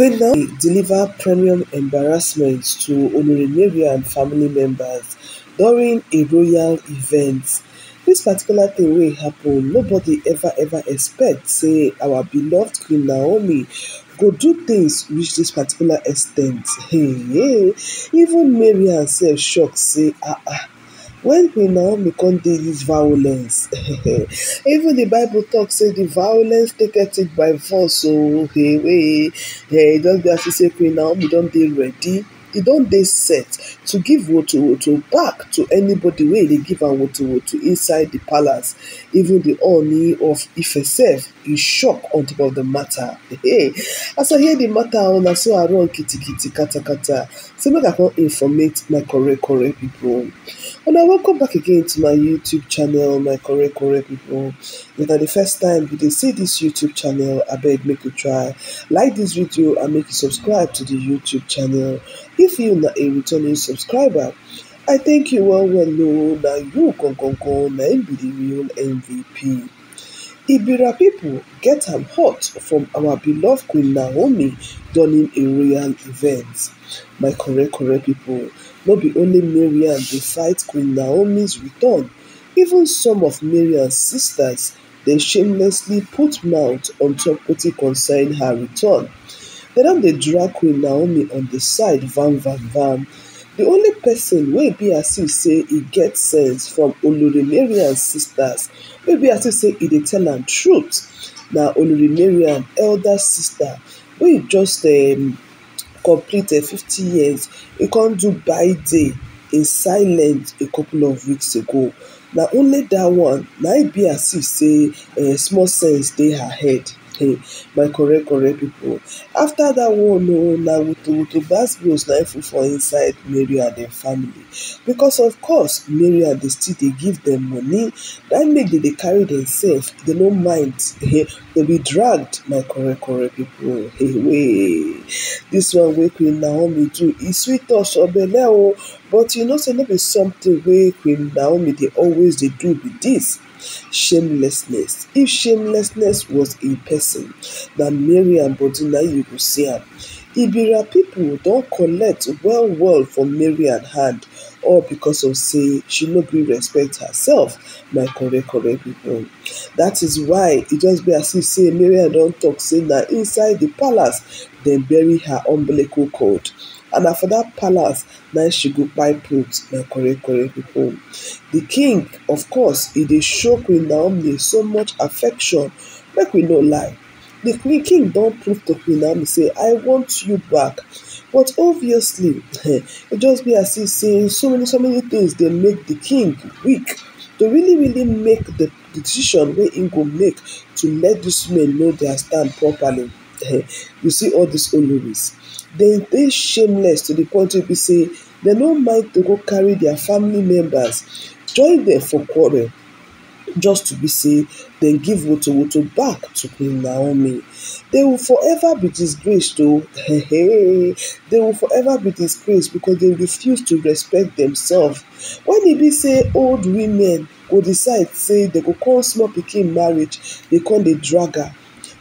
Quenna delivered premium embarrassment to Olorì and family members during a royal event. This particular thing will happen nobody ever ever expect say our beloved Queen Naomi go do things reach this particular ex hey, hey. even Mariam herself shocked. say ah ah wen queen naomi come dey use violence even the bible tok say the violence taketh it by force o hey wey e just be as if say queen naomi don dey ready e don dey set to give woto-woto back to anybody wey e dey give am woto-woto inside di palace even di Ooni of Ife sef e shock on top of di matter hey, as i hear di matter o na so i run kitikiti katakata say make i come informate my correct correct pipo una welcome back again to my youtube channel my correct correct pipo if na the first time you dey see this youtube channel abeg make you try like this video and make you subscribe to the youtube channel if you na a returning subscriber i thank you well well o that you gongongon na be the real mvp Ibira people get am hot from our beloved Queen Naomi during a royal event. My correct correct people, Not be only Miriam the fight Queen Naomi's return, even some of Miriam's sisters they shamelessly put mouth on top wetin concern her return. Dem don dey drag Queen Naomi on di side van van van. Di only person wey be as if say e get sense from Olori sisters wey be as if say e dey tell am truth na Olori elder sister wey just um, complete um, 50 years e come do by day in silence a couple of weeks ago na only dat one na im be as if sey eh, small sense dey her head okay my correct correct people. after that one oh na woto woto gbas-gbos na full for inside mary and dem family because of course mary and dem still dey give dem money na im make dem dey carry themselves. dem no mind dem be dragged my correct correct people. Hey, wey This one wey queen naomi do e sweet us for belle o oh. but you know say no be something wey queen naomi dey always dey do be this shamelessness. If shamelessness was a person, na Mary and Bodinayi go see am. Ibira pipo don collect well well for Mariam hand all because of say she no gree respect herself my correct correct pipo. That is why e just be as if say Mariam don talk say na inside the palace dem bury her umbilical cord and na for dat palace na she go kpai put na correct correct pipo. di king of course e dey show queen naomi so much affection make we no lie di queen king don prove to queen naomi say i want you back but obviously e just be as if say so many so many things dey make di king weak to really really make di decision wey im go make to let dis men know dia stand properly Eh, you see all these ladies. dem they shameless to the point wey be say do no mind to go carry their family members join them for quarrel just to be say they give woto back to queen naomi they will forever be disgraced o hey, hey. they will forever be disgraced because they refuse to respect themselves when they be say old women go decide say they go call small pikin marriage they call the dragger.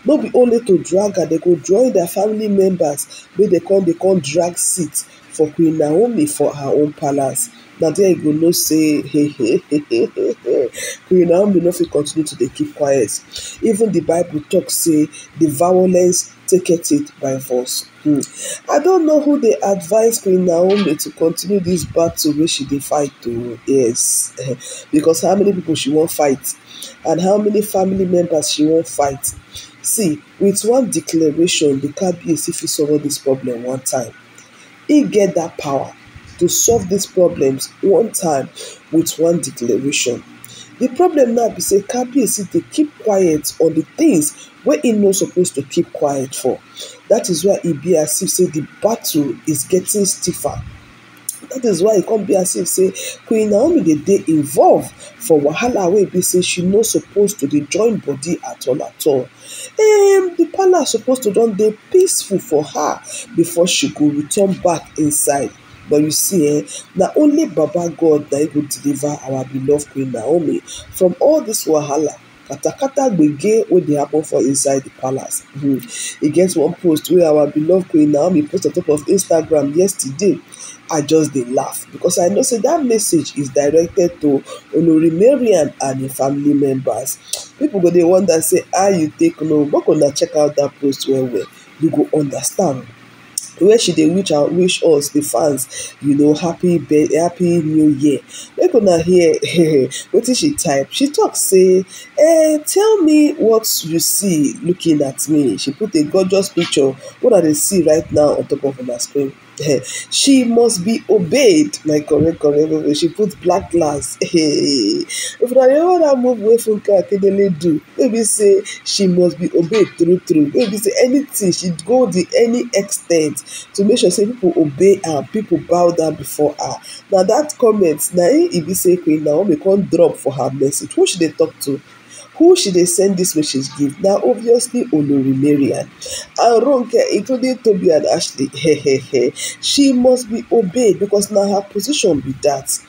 no be only to drag her dem go join their family members make dem come dey come drag seat for queen naomi for her own palace na there you go know say queen naomi no fit continue to dey keep quiet even the bible talk say the violence take it by force hmm. i don't know who dey advise queen naomi to continue this battle wey she dey fight o yes eh, because how many people she wan fight and how many family members she wan fight see with one declaration the kábíyèsí fit solve this problem one time e get that power to solve these problems one time with one declaration the problem now be say kábíyèsí dey keep quiet on the things wey e no suppose to keep quiet for that is why e be as if say the battle is getting stiffer That is why e come be as if say queen naomi dey dey involved for wahala wey be say she no suppose to dey join body at all at all um, the palace suppose to don dey peaceful for her before she go return back inside but you see eh na only baba god na im go deliver our beloved queen naomi from all this wahala katakata gbege wey dey happen for inside di palace um e get one post wey our beloved queen naomi post on top of instagram yesterday i just dey laugh because i know say dat message is directed to olori mariam and im family members pipo go dey wonder say how you take know make una check out dat post well well you go understand where she dey wish out wish us the fans you know happy happy new year make una hear wetin she type she talk say eh tell me what you see looking at me she put a gorgeous picture wey i dey see right now on top of una screen she must be obeyed. My correct, correct. She put black glass. Hey. If I remember that move wey Funke Akindele do, maybe say she must be obeyed true, true. through. Maybe say anything she go the any extent to make sure say people obey her, people bow down before her. Now that comment, na e be say Queen Naomi come drop for her message. Who she dey talk to? Who should they send this message give? Now, obviously Olori Mariam. And Ronke, including Toby and Ashley, she must be obeyed because now her position be that.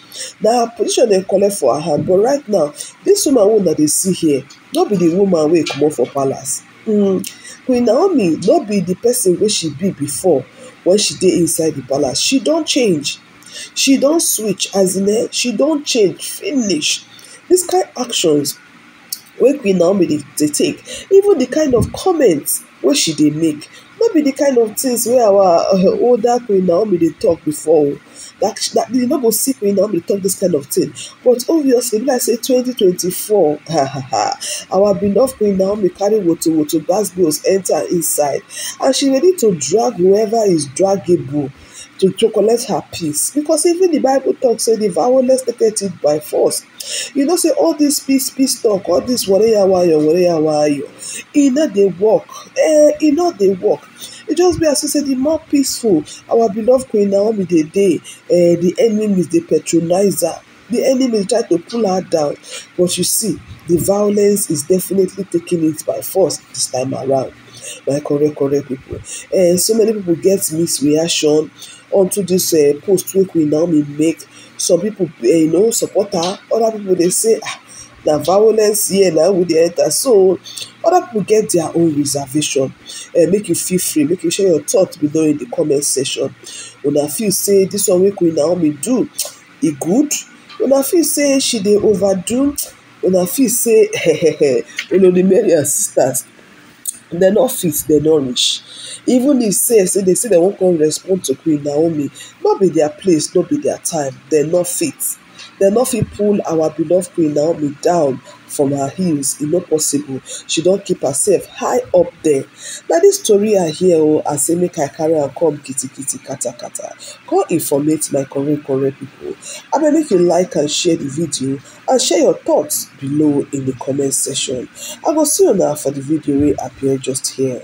Now her position dem collect for her hand but right now this woman wey that they see here not be the woman come comot for palace mm. queen naomi not be the person where she be before when she did inside the palace she don't change she don't switch as in eh she don't change finish this kain actions wey queen naomi dey dey take even di kind of comments wey she dey make no be di kind of tins wey our uh, older queen naomi dey tok before o. Oh. that, that you no go sick me na be talk this kind of thing but obviously be I say 2024 our beloved queen naomi carry woto woto gbas bills enter inside and she ready to drag whoever is draggable to to collect her peace because even the bible talk say the violence take it by force you know say all this peace peace talk all this wọrẹ yawa ayọ wọrẹ yawa ayọ e no dey work eh e no they work It just be as if say the more peaceful our beloved queen naomi dey dey uh, eh, di enemies dey patronise her the enemy try to pull her down but you see the violence is definitely taking it by force this time around my correct correct people and uh, eh, so many people get misreaction onto this uh, post wey queen naomi make some people uh, you know support her other people they say ah na violence here now with the dey enter so other people get their own reservation uh, make you feel free make you share your thoughts below in the comment section una feel say this one wey queen naomi do e good una feel say she dey overdo una feel say olori mary and sisters dem no fit dem no reach even if say say they say dem wan come respond to queen naomi no be their place no be their time dem no fit dem no fit pull our beloved queen naomi down from her heels e no possible she don keep herself high up there na dis tori i hear o i say make i carry am come kitikiti katakata come informate my correct correct pipo abeg make you like and share di video and share your thoughts below in di comment section i go see una for di video wey appear just here.